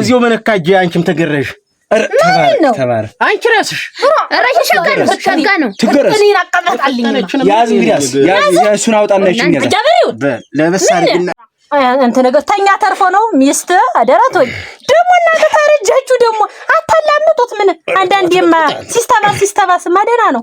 እዚሁ መነካጀ አንቺም ተገረሽ አንቺ ራስሽ እንትን ተርፎ ነው ሚስት አደራት ወይ ደግሞ እናንተ ታረጃችሁ ደግሞ አታላምጡት። ምን አንዳንዴማ ሲስተባስ ሲስተባስማ ደህና ነው።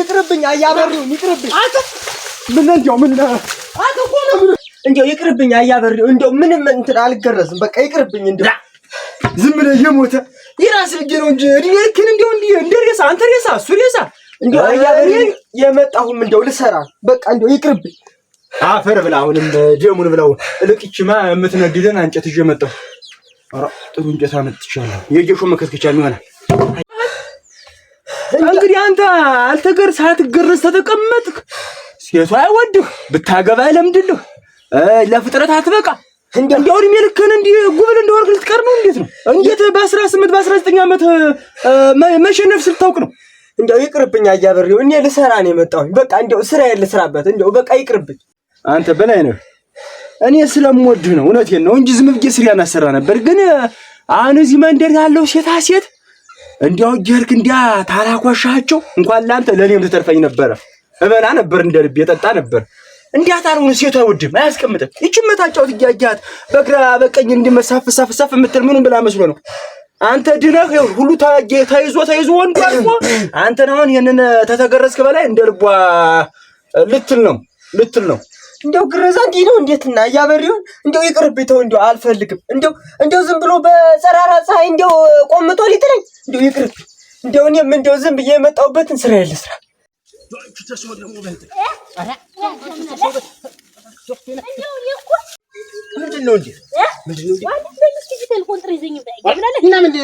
ይቅርብኝ፣ አያበሪው ይቅርብኝ። ምን እንደው ምን ነው ምን እንደው ይቅርብኝ፣ አያበሪው እንደው ምንም እንትን አልገረዝም። በቃ ይቅርብኝ። እንደው ዝም ብለህ እየሞተ የራስ ልጅ ነው እንጂ እድሜክን እንደው እንደ ሬሳ አንተ ሬሳ እሱ ሬሳ እንደው አያበሪው የመጣሁም እንደው ልሰራ በቃ እንደው ይቅርብኝ። አፈር ብላ አሁንም ደሙን ብለው ልቅችማ የምትነድደን አንጨት ይዤ መጣሁ። ጥሩ እንጨት አመጥቻለሁ። የጌሾ መከስከቻ ይሆናል። እንግዲህ አንተ አልተገር ሳትገረዝ ተተቀመጥክ። ሴቷ አይወድህ ብታገባ ለምድልህ ለፍጥረት አትበቃ። እንዲያው እድሜ ልክህን እንዲህ ጉብል እንደሆንክ ልትቀር ነው? እንዴት ነው? እንዴት በአስራ ስምንት በአስራ ዘጠኝ ዓመት መሸነፍ ስልታውቅ ነው? እንዲያው ይቅርብኝ አያበሬው፣ እኔ ልሰራ ነው የመጣሁኝ። በቃ ስራ ስራዬን ስራበት እንዲያው በቃ ይቅርብኝ። አንተ በላይ ነው እኔ ስለምወድህ ነው፣ እውነቴን ነው እንጂ ዝም ብዬ ስሪያን አሰራ ነበር። ግን አሁን እዚህ መንደር ያለው ሴታ ሴት እንዲያው ጀርክ እንዲያ ታላኳሻቸው እንኳን ለአንተ ለእኔም ትተርፈኝ ነበረ። እበላ ነበር፣ እንደ ልብ የጠጣ ነበር። እንዲያ ታልሆነ ሴቱ አይወድም፣ አያስቀምጥም። ይችን መታጫውት እያያት በግራ በቀኝ እንዲመሳፍ ሳፍ ሳፍ የምትል ምኑን ብላ መስሎ ነው። አንተ ድነህ ይሁን ሁሉ ተይዞ ተይዞ ወንዱ አልፎ አንተን አሁን ይህንን ተተገረዝክ በላይ እንደ ልቧ ልትል ነው ልትል ነው እንደው ግረዛ እንዲህ ነው እንዴት እና እያበሪውን እንደው ይቅርብተው እንደው አልፈልግም። እንደው እንደው ዝም ብሎ በፀራራ ፀሐይ እንደው ቆምጦ ሊጥለኝ እንደው ይቅርብ። እንደው እኔም እንደው ዝም ብዬ የመጣሁበትን ስራ ያለ ስራ ምንድን ነው እንዴ?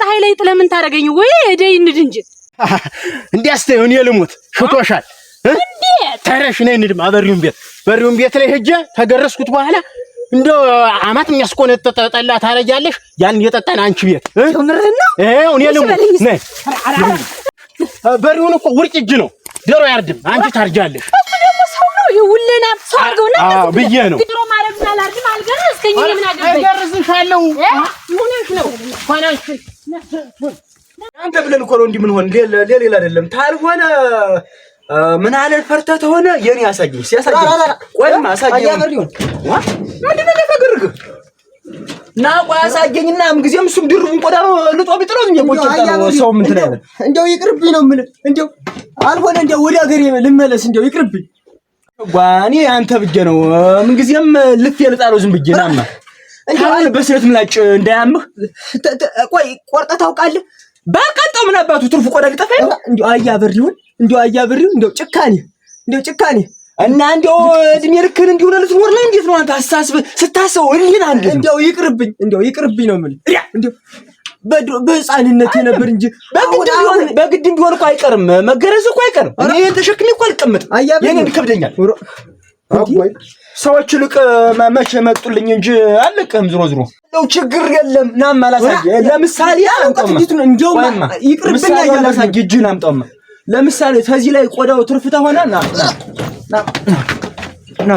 ፀሐይ ሃይላይት ለምን ምን ታደርገኝ? ወይ እዴ እንድ እንጂ እንዲያስተው እኔ ልሙት ሽቶሻል። እንዴ ተረሽ ነኝ እንድማ በሪውን ቤት በሪውን ቤት ላይ ሄጀ ተገረስኩት በኋላ እንደ አማት የሚያስቆነጥጥ ጠላ ታረጃለሽ። ያን የጠጣን አንቺ ቤት ይኸው እኔ ልሙት ነይ። በሪውን እኮ ውርጭ እጅ ነው ደሮ ያርድም አንቺ ታርጃለሽ። ይውልና ሰው አድርገውና ነው ግድሮ ማረግና ላርግም አልገረዝከኝ። ምን አገባኝ? ገርዝሻለሁ። ሆነሽ ነው ሆነሽ አንተ ብለን እኮ ነው እንዲህ ምን ሆን ሌላ አይደለም። ታልሆነ ምን አለ ፈርተህ ተሆነ የኔ አሳየኝ ሲያሳየኝ ና ቆይ አሳየኝና ምንጊዜም እሱም ድርቡን ቆዳ ልጦ ቢጥሎ ሰው ምንትን ያለ እንደው ይቅርብኝ ነው የምልህ። እንደው አልሆነ እንደው ወደ ሀገር ልመለስ እንደው ይቅርብኝ። እኔ አንተ ብዬ ነው ምንጊዜም ልፌ ልጣለው ዝም ብዬ ናማ እንዴ በስለት ምላጭ እንዳያምህ ቆይ ቆርጠህ ታውቃለህ? በቀጣው ምን አባቱ ትርፉ ቆዳ ሊጠፋ ነው። እንዴ አያ ብሪውን እንዴ አያ ብሪውን እንዴ ጭካኔ እንዴ ጭካኔ እና እንዴው እድሜ ልክህን እንዲሁ ለልት ወር ላይ እንዴት ነው አንተ አሳስበህ ስታስበው እንዴት አንዴ እንዲው ይቅርብኝ እንዲው ይቅርብኝ ነው ምን እንዴው በህፃንነት የነበር እንጂ በግድ ቢሆን እኮ አይቀርም መገረዝ እኮ አይቀርም። እኔ ተሸክሜ እኮ አልቀመጥም። የኔ ከብደኛል ሰዎች ልቅ መቼ መጡልኝ እንጂ አልቅህም። ዝሮ ዝሮ ነው ችግር የለም። ናም አላሳየ ለምሳሌ እጅህን አምጣማ። ለምሳሌ ከዚህ ላይ ቆዳው ትርፍታ ሆና ና ና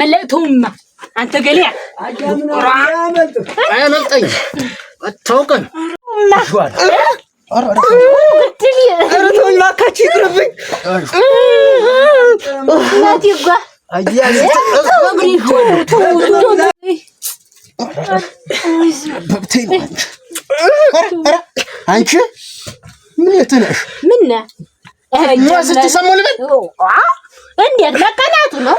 መለእተውማ አንተ ገሊያ አያመልጠኝ አታውቀን እባካችሁ ይቅርብኝ። አንቺ ምን የት ምን ስትሰሙ ልበል እንዴት መቀናቱ ነው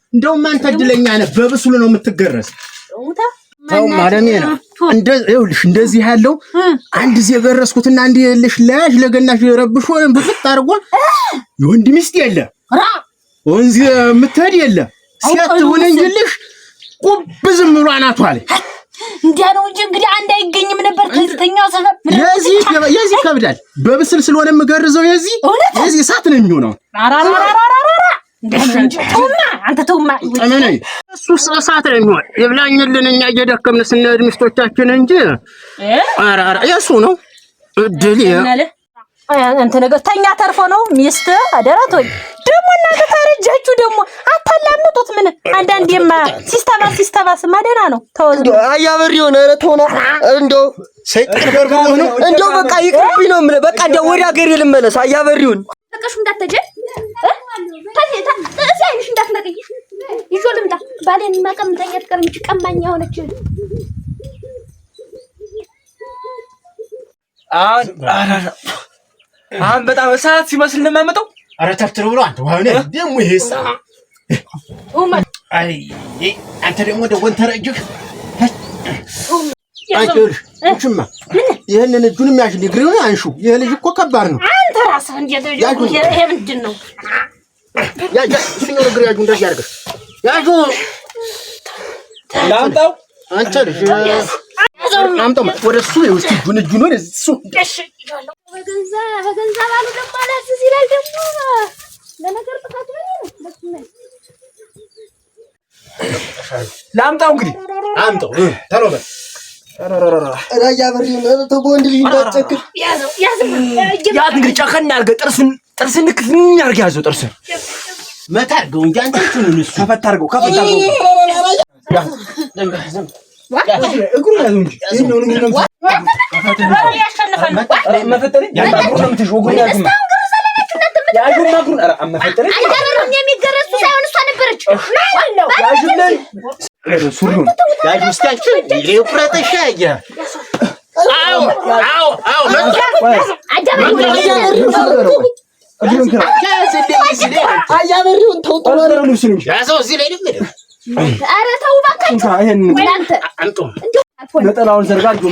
እንደውም አንተ እድለኛ ነህ፣ በብስሉ ነው የምትገረዝ። ተው ማረሜ ነው። ይኸውልሽ እንደዚህ ያለው አንድ ዜ የገረዝኩትና አንድ የለሽ ለያሽ ለገናሽ ረብሾ ብፍጥ አድርጎ የወንድ ሚስት የለ ወንዚ የምትሄድ የለ ሴት ሆነ እንጅልሽ ቁብ ዝም ብሎ አናቷ እንዲያ ነው እንጂ እንግዲህ አንድ አይገኝም ነበር። ከዝተኛው ሰበብ የዚህ የዚህ ከብዳል። በብስል ስለሆነ የምገርዘው የዚህ የዚህ እሳት ነው የሚሆነው። አራራራራ እሱ እሳት ነው የሚሆን። ይብላኝልን እኛ እየደከምን ስንሄድ ሚስቶቻችን እንጂ የእሱ ነው እድል እንትን ነገር ተኛ ተርፎ ነው ሚስት አደራት ወይ ደግሞ እናንተ ታረጃችሁ ደግሞ አታላምጡት። ምን አንዳንዴማ ሲስተባስ ሲስተባስ ማደና ነው ተወዝ አያበር የሆነ ረት ሆነ እንደው እንደው በቃ ይቅርብኝ ነው የምልህ። በቃ እንደው ወደ ሀገሬ ልመለስ አያበሪውን ተቀሹ እንዳትተጀል እዚህ አይንሽ እንዳትነቀይ ይዞ ልምጣ ባሌን ማቀምጠኝ አትቀርም። ይች ቀማኛ ሆነች። አሁን በጣም ሰዓት ሲመስል ነው የማመጣው። ኧረ ተብትር ብሎ አንተ ዋኔ ደሙ ይሄ ኡማ አይ አንተ ደግሞ ደወን ተረጅክ አንቺ ልጅ ይህንን እጁንም ያሽ ዲግሪውን አንሹ። ይሄ ልጅ እኮ ከባድ ነው። አስብ እንዴት ይሄ ነው? ያጁ እንደዚህ አድርገህ ያጁ ላምጣው አንቺ አምጣው ወደ እሱ ራያ በሬ ወንድ ልጅ እንዳትጨክር። ያዝ እንግዲህ ጨከን አድርገህ ጥርስን ጥርስን ክፍን አድርገህ ያዘው። ጥርስን መታ አድርገው እንጂ አንተ ከፈት አድርገው ከፈት አድርገው እግሩን ሱሪውን ነጠላውን ዘርጋ ያዘው።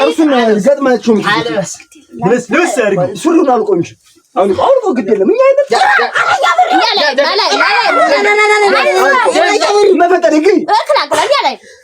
ጥርሱን ገጥማቸው ልብስ አድርጊ ሱሪውን አልቆ እንጂ አሁን ግድ የለም እኛ አይነት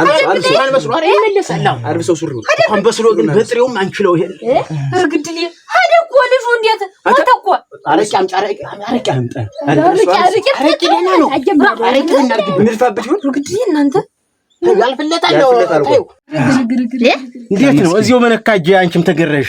አንድ ሰው ሱሪ በስሎ ግን በጥሬውም አንችለው። ይሄ እርግድል እኮ ልጁ እንዴት ሞተ እኮ። አረቄ አረቄ አምጣ፣ አረቄ ደህና ነው። አረቄ ይሆን እርግድል። እናንተ እንዴት ነው እዚሁ መነካጅ። አንቺም ተገረሽ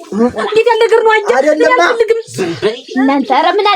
እንዴት ያለ ነገር ነው? አጀብ አይደለም። እናንተ ኧረ ምን